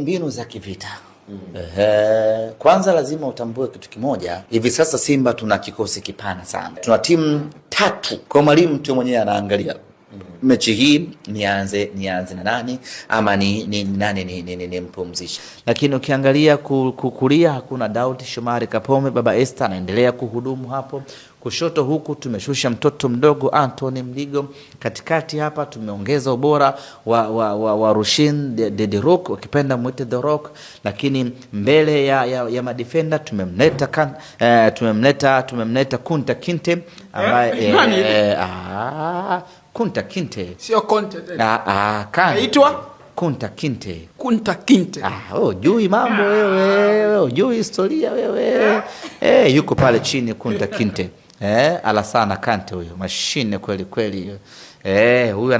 Mbinu za kivita mm. kwanza lazima utambue kitu kimoja. Hivi sasa Simba tuna kikosi kipana sana, tuna timu tatu. Kwa mwalimu tu mwenyewe anaangalia mechi hii nianze nianze na nani ama ni, ni, nani ni, ni, ni, ni mpumzishe. Lakini ukiangalia kukulia hakuna doubt, Shomari kapome baba Esther anaendelea kuhudumu hapo kushoto huku tumeshusha mtoto mdogo Anthony Mdigo, katikati hapa tumeongeza ubora wa, wa, wa, wa Rushin de, de, de Rock ukipenda mwite the Rock, lakini mbele ya, ya, ya madifenda tumemleta kan, eh, tumemleta tumemleta Kunta Kinte ambaye eh, eh, eh, ah, Kunta Kinte. Sio Conte. Eh. Ah, ah, kan. Aitwa Kunta Kinte. Kunta Kinte. Ah, oh, jui mambo ah. wewe, oh, jui historia wewe. Eh, hey, eh, yuko pale chini Kunta Kinte. Eh, ala sana Kante huyo, mashine kweli kweli. Eh, huyo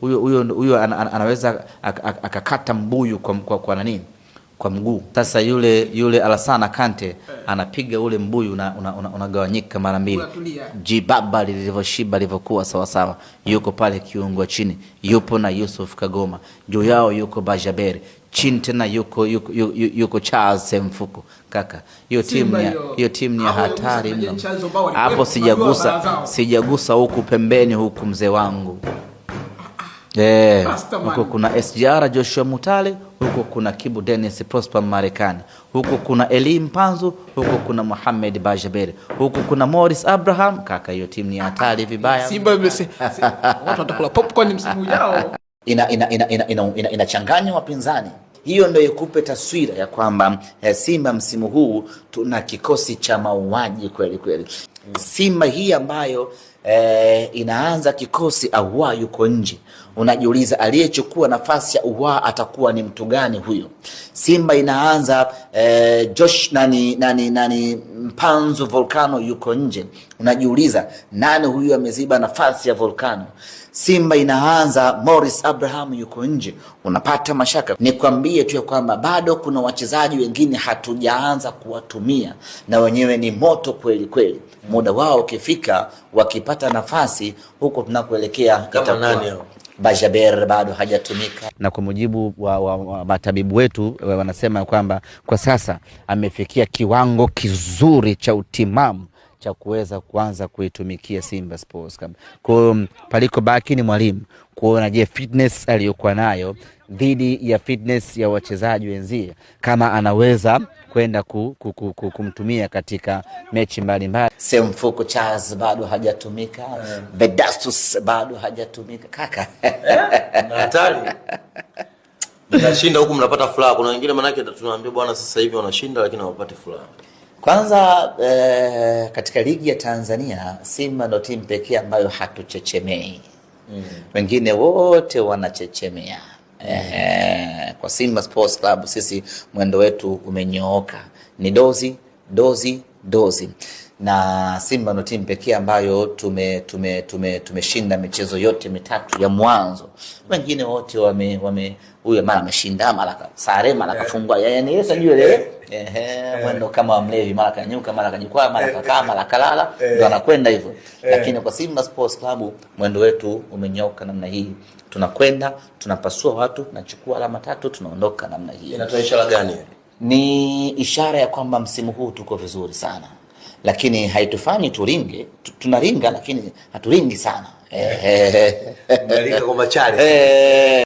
huyo huyo huyo anaweza akakata mbuyu kwa kwa, kwa nini? kwa mguu. Sasa yule yule Alasana Kante eh. anapiga ule mbuyu unagawanyika una, una mara mbili, jibaba lilivyoshiba lilivyokuwa sawasawa. Yuko pale kiungo chini, yupo na Yusuf Kagoma, juu yao yuko Bajaberi chini tena yuko, yuko, yuko, yuko Charles Semfuko. Kaka, hiyo timu ya hiyo timu ni hatari mno hapo. Sijagusa sijagusa huku pembeni huku, mzee wangu. Eh, huko kuna SGR Joshua Mutale, huko kuna Kibu Dennis Prosper Marekani, huko kuna Eli Mpanzu, huko kuna Mohamed Bajaberi, huko kuna Morris Abraham. Kaka, hiyo timu ni hatari vibaya. Simba watu watakula popcorn msimu yao. Ina ina, ina, ina, ina, ina wapinzani. Hiyo ndio ikupe taswira ya kwamba eh, Simba msimu huu tuna kikosi cha mauaji kweli kweli. Simba hii ambayo e, inaanza kikosi awa yuko nje, unajiuliza aliyechukua nafasi ya uwa atakuwa ni mtu gani huyo? Simba inaanza e, Josh nani, nani, nani Mpanzu Volcano yuko nje, unajiuliza nani huyu ameziba nafasi ya Volcano. Simba inaanza Morris Abraham yuko nje, unapata mashaka. Nikwambie tu ya kwamba bado kuna wachezaji wengine hatujaanza kuwatumia na wenyewe ni moto kweli kweli, muda wao ukifika wakipa kupata nafasi huko tunakoelekea Bajaber bado hajatumika, na kwa mujibu wa, wa, wa matabibu wetu wanasema kwamba kwa sasa amefikia kiwango kizuri cha utimamu cha kuweza kuanza kuitumikia Simba Sports Club. Kwa hiyo mm, paliko baki ni mwalimu kuona, je, fitness aliyokuwa nayo dhidi ya fitness ya wachezaji wenzie, kama anaweza kwenda ku, ku, ku, ku, kumtumia katika mechi mbalimbali. Semfuko Charles bado hajatumika, yeah. bado hajatumika kaka yeah, mnashinda huku mnapata furaha. Kuna wengine manake tunaambia bwana, sasa hivi wanashinda lakini hawapati furaha. Kwanza eh, katika ligi ya Tanzania Simba ndio timu pekee ambayo hatuchechemei mm. Wengine wote wanachechemea mm. Eh, kwa Simba Sports Club sisi mwendo wetu umenyooka, ni dozi dozi dozi, na Simba ndio timu pekee ambayo tume tume tume tumeshinda michezo yote mitatu ya mwanzo. Wengine wote wame wame, huyo mara ameshinda, mara sare, mara eh. kafungwa, yaani Yesu ajue ehe, eh. mwendo kama wa mlevi, mara kanyuka, mara kajikwaa, mara eh. kakaa, mara kalala, eh. ndio anakwenda hivyo. Lakini kwa Simba Sports Club mwendo wetu umenyoka namna hii, tunakwenda tunapasua watu, nachukua alama tatu, tunaondoka namna hii. Inatoa ishara gani? Ni ishara ya kwamba msimu huu tuko vizuri sana, lakini haitufanyi turinge. Tunaringa, lakini haturingi sana. Mnalika kwa machale.